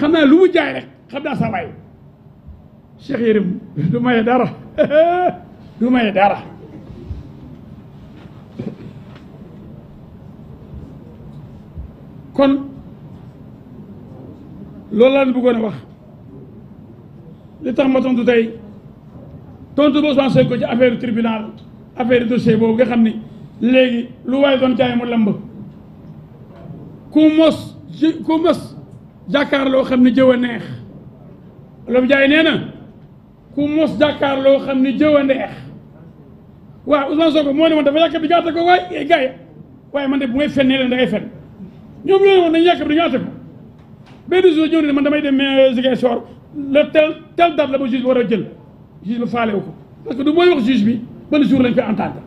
xam naa lu mu jaay rek xam naa sa waay Cheikh Yérim du maye dara du maye dara kon loolu lan bëggoon a wax li tax ma tontu tey tontu ba Ousmane Sonko ci affaire tribunal affaire dossier boobu nga xam ni léegi lu waaye doon jaay mu lamb ku mos ku mos jàkkaarloo xam ne jëw a neex loolu jaay nee na ku mos jàkkaarloo xam ne jëw a neex waaw Ousmane Sonko moo ne woon dafa yàkkamti ñu àtte ko waaye eh, gars yi waaye man de bu may fen ne leen da ngay fen ñoom ñoo man damay dem eh, Ziguinchor le tel tel date la ba juge bi war a jël juge bi faale wu ko parce que du mooy wax juge bi ban jour lañ koy entendre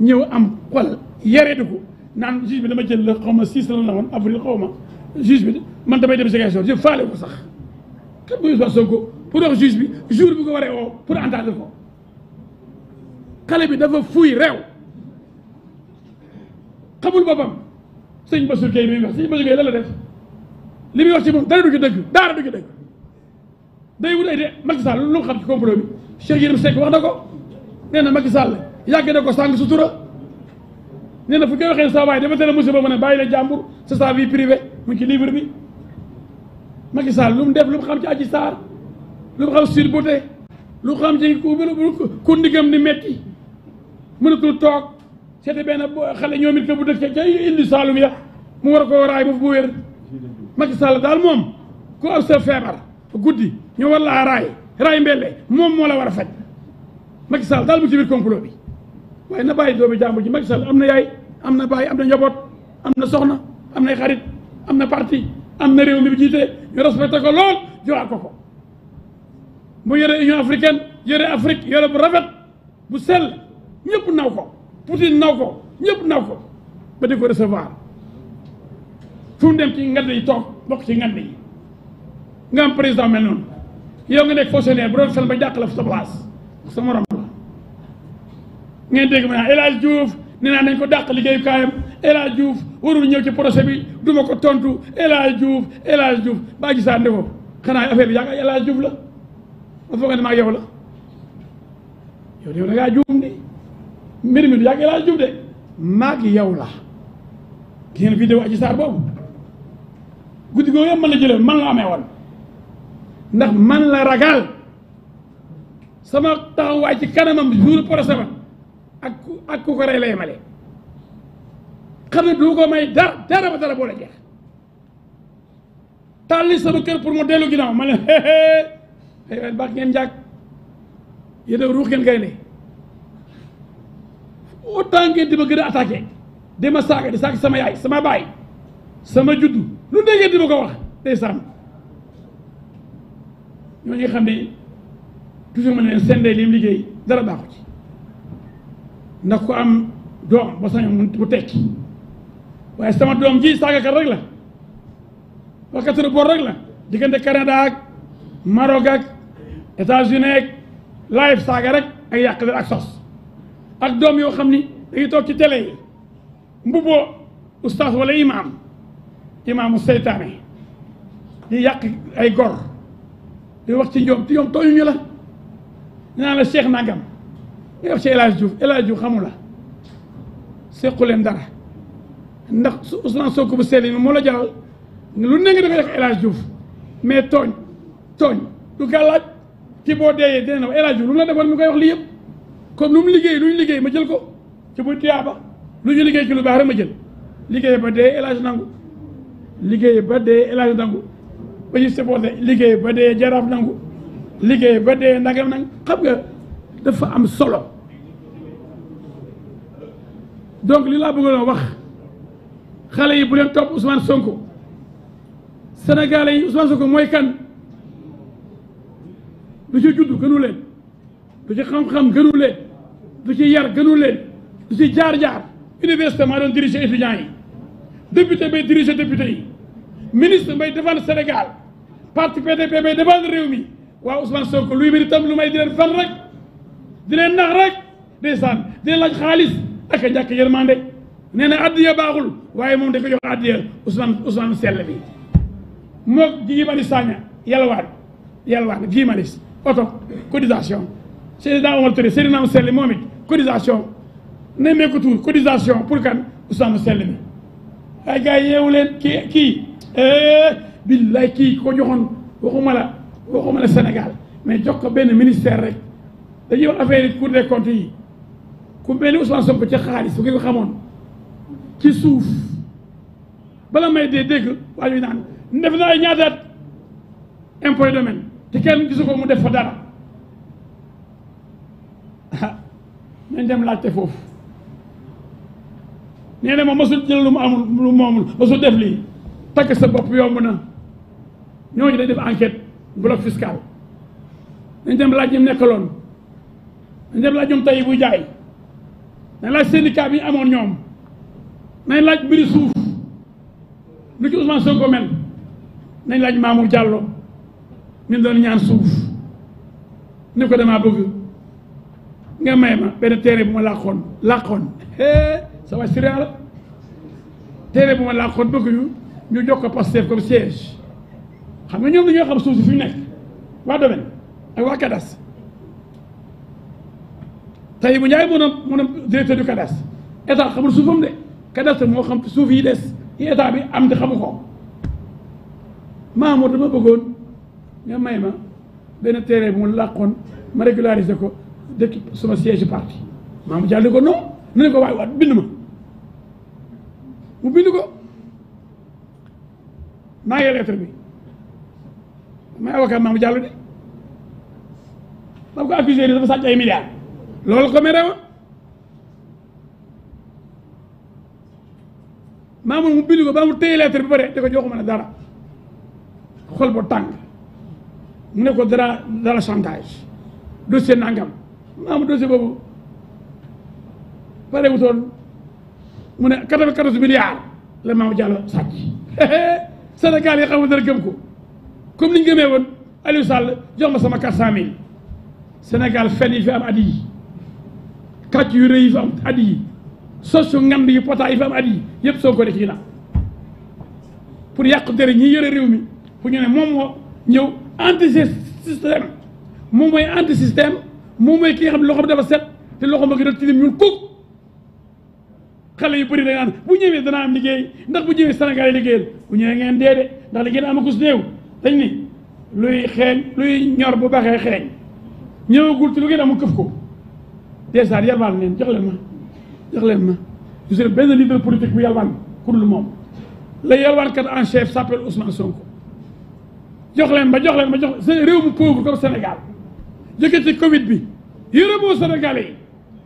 ñëw am xol yareetu ko naan juge bi dama jël la xaw ma 6 la la woon avril xaw ma juge bi man damay dem Ziguinchor je faale ko sax kat bu Ousmane Sonko pour wax juge bi jour bi ko waree woo pour entendre ko xale bi dafa fuuy réew xamul boppam sëñ Bassirou Gueye mi wax sëñ Bassirou Gueye la la def li muy wax ci moom dara du ci dëgg daara du ci day wut ay de Macky Sall lu xam ci complot bi Cheikh wax na nee na Macky Sall yàgg na ko sàng sutura nee na fu koy waxee saa waay dafa tere monsieur ba mu ne bàyyi la jàmbur c'est sa vie privée mu ngi ci livre bi Macky lu mu def lu mu xam ci Adji Sarr lu mu xam Sweet Beauté lu mu xam ci ku ku ndigam ni metti mënatul toog seeti benn xale ñoom it ko dëkk ca indi Saalum ya mu war ko raay boofu bu wér Macky Sall daal moom ku am sa feebar guddi ñu war laa raay raay mbelle moom moo la war a faj Macky Sall daal mu ci biir complot bi waaye na bàyyi doomi jàmbur ji Macky Sall am na yaay am na bàyyi am na njaboot am na soxna am nay xarit am na parti am na réew mi bi jiite ñu respecté ko lool joxaat ko ko mu yére Union africaine yére Afrique yore bu rafet bu sell ñëpp naw ko Poutine naw ko ñëpp naw ko ba ko recevoir fu mu dem ci ngand yi toog bokk ci ngand yi nga am président mel noonu yow nga nekk fonctionnaire bu doon sell ba jàq la fa sa place sa morom ngeen dégg ma ne ah, El Hadj Diouf nee ko dàq liggéeyu kaayam El Hadj Diouf ñëw ci procès bi du ko tontu El Hadj Diouf El baa gisaan ne ko xanaa affaire bi yaa ngi El Hadj Diouf la ma foog ne maa la yow de yow mi yow la gis ngeen vidéo Adji Sarr boobu guddi googu yëpp man la jëlee man la amee ragal sama taxawaay ci kanamam jour procès ba ak ku ak ku ko rey la yemale xam ne du ko may dara dara ba dara boole jeex tàlli sama kër pour mu dellu ginnaaw ma ne ay baax ngeen njàkk yéen a ruux ngeen kay ne autant ngeen di ma gën a attaqué di ma saaga di saaga sama yaay sama baay sama juddu lu ne ngeen di ma ko wax day sàmm ñoo ñu xam ne toujours ma ne leen seen ndey liggéey dara baaxu ci ndax ku am doom ba sañ mu tekki waaye sama doom ji saagakat rek la waxkaturu bor rek la diggante Canada ak Maroc ak États-Unis ak live saaga rek ak yàq der ak sos ak doom yoo xam ni dañuy toog ci tele yi mbubboo oustaz wala imaam imaamu seytaane di yàq ay gor di wax ci ñoom ci ñoom tooñuñu la ñu naan la cheikh nangam ñu def ci El Hadj Diouf El Hadj Diouf xamula dara ndax Ousmane Sonko bu seeli moo la jaral lu ne nga da nga def El Hadj mais tooñ tooñ du gàllaaj ci boo deeyee dina ne El Hadj Diouf lu mu la defoon mi koy wax lii yëpp kon lu mu liggéey lu ñu liggéey ma jël ko ci bu tuyaaba lu ñu liggéey ci lu baax rek ma jël liggéey ba dee El Hadj nangu liggéey ba dee El Hadj nangu ba ñu supporté liggéey ba dee jaraaf nangu liggéey ba dee ndagam nangu xam nga fa am solo donc li laa bëggoon wax xale yi bu leen topp Ousmane Sonko sénégalais yi Ousmane Sonko mooy kan du ci juddu gënu leen du ci xam-xam gënu leen du ci yar gënu leen du ci jaar-jaar université maa doon diriger étudiants yi député bay diriger député yi ministre bay défendre Sénégal parti PDP bay défendre réew mi waaw Ousmane Sonko luy mbiri tam lu may di leen fan rek di leen nax rek ndeysaan di leen laaj xaalis ak a ñàkk yërmande nee na addiya baaxul waaye moom dañ ko jox addiya Ousmane Ousmane Sell bi moog Guy Marius Sagna oto cotisation Seydina Omar Touré Seydina Sell moom it cotisation tuur cotisation pour kan Ousmane Sell mi ay gars yi yeewu leen kii kii eh, billaay kii ko joxoon waxuma la waxuma la Sénégal mais jox ko benn ministère rek dañuy wax affaire yi cour des comptes yi ku mel ni Ousmane Sonko xaalis bu ko xamoon ci suuf bala may dee dégg waa ñuy naan def na ay ñaataat impôt domaine te kenn gisu ko mu def fa dara ah nañ dem laajte foofu nee na ma masul jël lu mu amul lu moomul def lii takk sa bopp yomb na ñooñu dañ def enquête bloc fiscal dañ dem laaj ñi nekkaloon dañ laaj ñoom tey buy jaay nañ laaj syndicat bi ñu amoon ñoom nañ laaj mbiri suuf lu ci Ousmane Sonko mel nañ laaj Mamour Diallo min doon ñaan suuf ni ko damaa bëgg nga may ma benn téere bu ma làqoon làqoon sa waay sira la téere bu ma làqoon bëgg ñu ñu jox ko Pastef comme siège xam nga ñoom dañoo xam suuf si fi nekk waa domaine ak waa cadastre tey bu ñaay mën a mën a directeur du cadastre état xamul suufam de cadastre moo xam suuf yi des yi état bi am di xamu ko Mamour dama bëggoon nga may ma benn terrain bi mu làqoon ma régulariser ko dëkk sama siège parti Mamour Diallo ko non nu ko waaye waat bind ma mu bind ko naa ngi lettre bi may avocat Mamour Diallo de dama ko accusé ni dafa sàcc ay milliards loolu ko mere woon maamul mu bind ko ba mu téye bi pare da ko joxuma ne dara xol bu tàng mu ne ko dara dara chantage dossier nangam maamu dossier boobu pare wutoon mu ne quatre-vingt-quatorze milliards la maamu Diallo sàcc Sénégal yi xamul dara gëm ko comme ni ñu gëmee woon Aliou Sall jox ma sama quatre cent mille fi am at kàcc yu rëy yi fi am at yi sos yu ngand yu potaa yi fi am at yi yëpp soo ko def yi la pour yàq dere ñi yëre réew mi pour ñu ne moom ñëw anti système moom mooy anti système moom mooy ki nga xam ne loxoom dafa set te loxo a ngi doon tilim ñun kuk xale yu bëri da naan bu ñëwee danaa am liggéey ndax bu ñëwee Sénégal yi liggéeyal bu ñëwee ngeen dee de ndax li ngeen am akus néew dañ ni luy xeeñ luy ñor bu baxee xeeñ ñëwagul ci lu ngeen amul këf ko Saar yalwaan leen jox leen ma jox leen ma je benn leader politique bu yalwaan ku dul moom la yalwaankat en chef s'appelle Ousmane Sonko jox leen ma jox leen ma jox leen réew mu pauvre comme Sénégal jóge ci Covid bi yërëmoo Sénégalais yi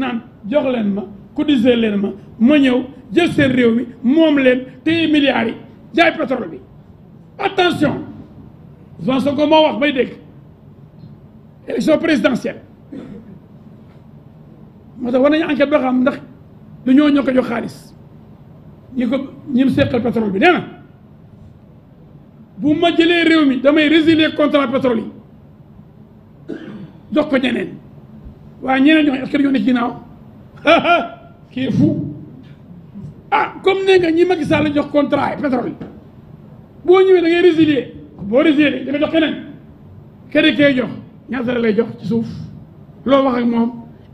naan jox leen ma cotiser leen ma ma ñëw jël seen réew mi moom leen téye milliards yi jaay pétrole bi attention Ousmane Sonko moo wax may dégg élection présidentielle moo tax war nañu enquête ba xam ndax du ñoo ñoo ko jox xaalis ñi ko ñi mu seqal bi nee na bu ma jëlee réew mi damay résilier contrat pétrole yi jox ko ñeneen waaye ñeneen ñoo est-ce que dañoo ne ci ah, comme nee nga ñi Macky Sall jox contrat pétrole yi boo ñëwee da ngay résilier boo résilier da nga jox keneen keneen kee jox ñaata lay jox ci suuf loo wax ak moom.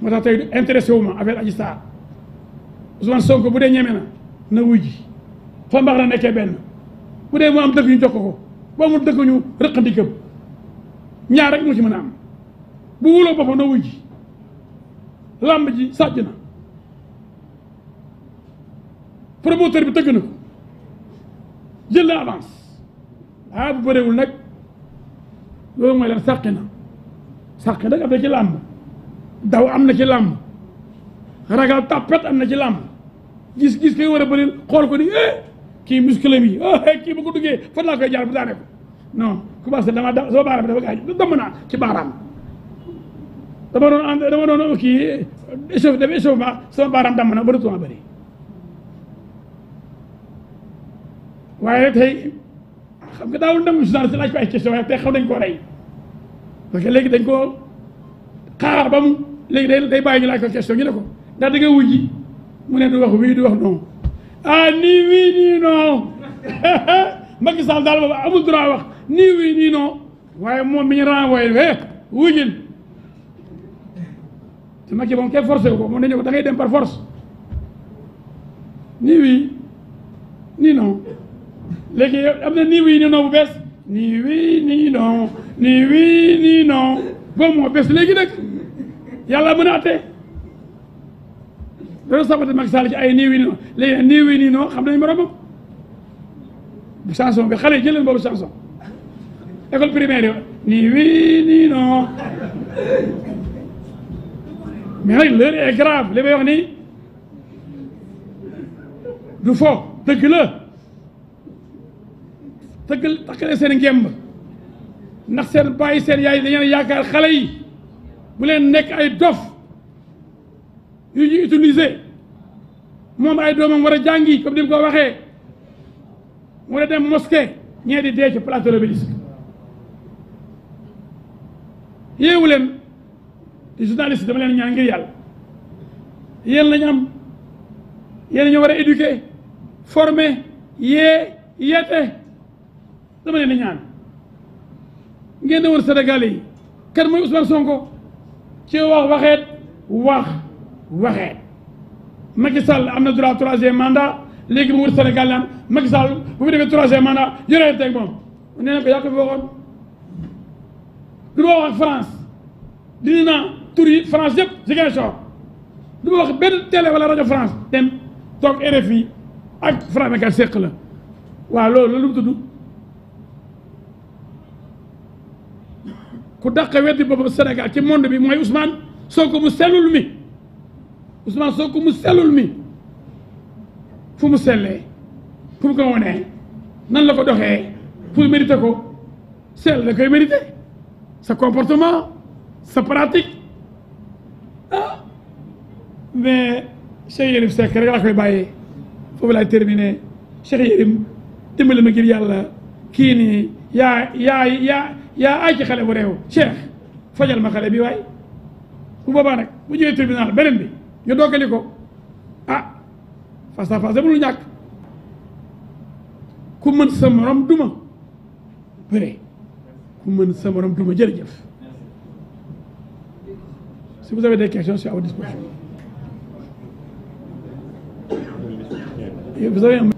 moo tax tey intéressé wu ma affaire Adji Sarr bu dee ñeme na na wuy ji fa mbax na nekkee benn bu dee mu am dëkk ñu ko boo mu dëkk ñu rëqandi këpp ñaar rek moo ci mën a am bu wuloo boppam na wuy ji làmb ji sàcc na promoteur bi tëgg na ko jël na avance ah bu bëreewul nag loolu mooy leen sàqi na sàqi nag am na ci làmb daw am na ci làmb ragal tàppet am na ci làmb gis-gis koy war a bëril xool ko ni eh kii muscle bi oh, eh kii bu ko duggee fan laa jaar bu daane ko non commencé dama da sama baaraam dafa gaañ damm naa ci baaraam dama doon ànd dama doon kii échauffé def échauffement sama baaraam damm na ba retour bëri waaye tey xam nga daawul dem journaliste laaj ko ay question waaye tey xaw nañ koo rey parce que léegi dañ koo xaar ba léegi day day bàyyi ñu laaj ko question ñu ne ko ndax da nga wujji mu ne du wax wii du wax non ah nii wii nii non Macky Sall daal boobu amul droit wax nii wii nii non waaye moom mi ñu renvoyé wee eh, wujjil te Macky moom kenn forcé ko moom dañu ko da dem par force nii wii nii non léegi am na nii wii nii non bu bees nii wii nii non nii wii nii non boobu moo bees léegi nag yàlla mën a atte dana saboté Macky ci ay néew yi noo léegi nag néew yi nii noonu xam nañu moromam chanson bi xale yi jëleen boobu chanson école primaire yo nii wii nii non mais nag l'heure est grave li may wax nii du fo dëgg la dëgg takk leen seen ngemb ndax seen bàyyi seen yaay dañu yaakaar xale yi bu leen nekk ay dof yu ñu utiliser moom ay doomam war a jàngi comme ni mu ko waxee war a dem mosquée ñee di dee ci place de l'Obélisque yéewu leen journaliste dama leen ñaan ngir yàlla yéen lañu am yéen ñu war a éduquer former yee yeete dama leen ñaan ngeen de woon Sénégalais yi kan mooy Ousmane Sonko ci wax waxeet wax waxeet Macky am na droit troisième mandat léegi mu wër Sénégal am Macky bu fi defee troisième mandat yore teg moom nee ko yaa ko fi waxoon du ma wax ak France dindi naa France yëpp Ziguinchor du ma wax benn télé wala rajo France dem toog RFI ak France Séq la waaw loolu lu mu tudd ku dàq weddi boppam Sénégal ci monde bi mooy Ousmane Sonko mu sellul mi Ousmane Sonko mu sellul mi fu mu sellee fu mu ko wonee nan la ko doxee pour mériter ko sell la koy mériter sa comportement sa pratique ah mais Cheikh Yérim Seck rek laa koy bàyyee foofu laay terminer Cheikh Yérim dimbali ma ngir yàlla kii yaa yaa yaa yaa ay ci xale bu réew Cheikh fajal ma xale bi waay bu boobaa nag bu ñëwee tribunal beneen bi ñu doggali ko ah face à face mënul ñàkk ku mën sa morom duma bëre ku mën sa morom duma jërëjëf si vous avez des questions je suis à disposition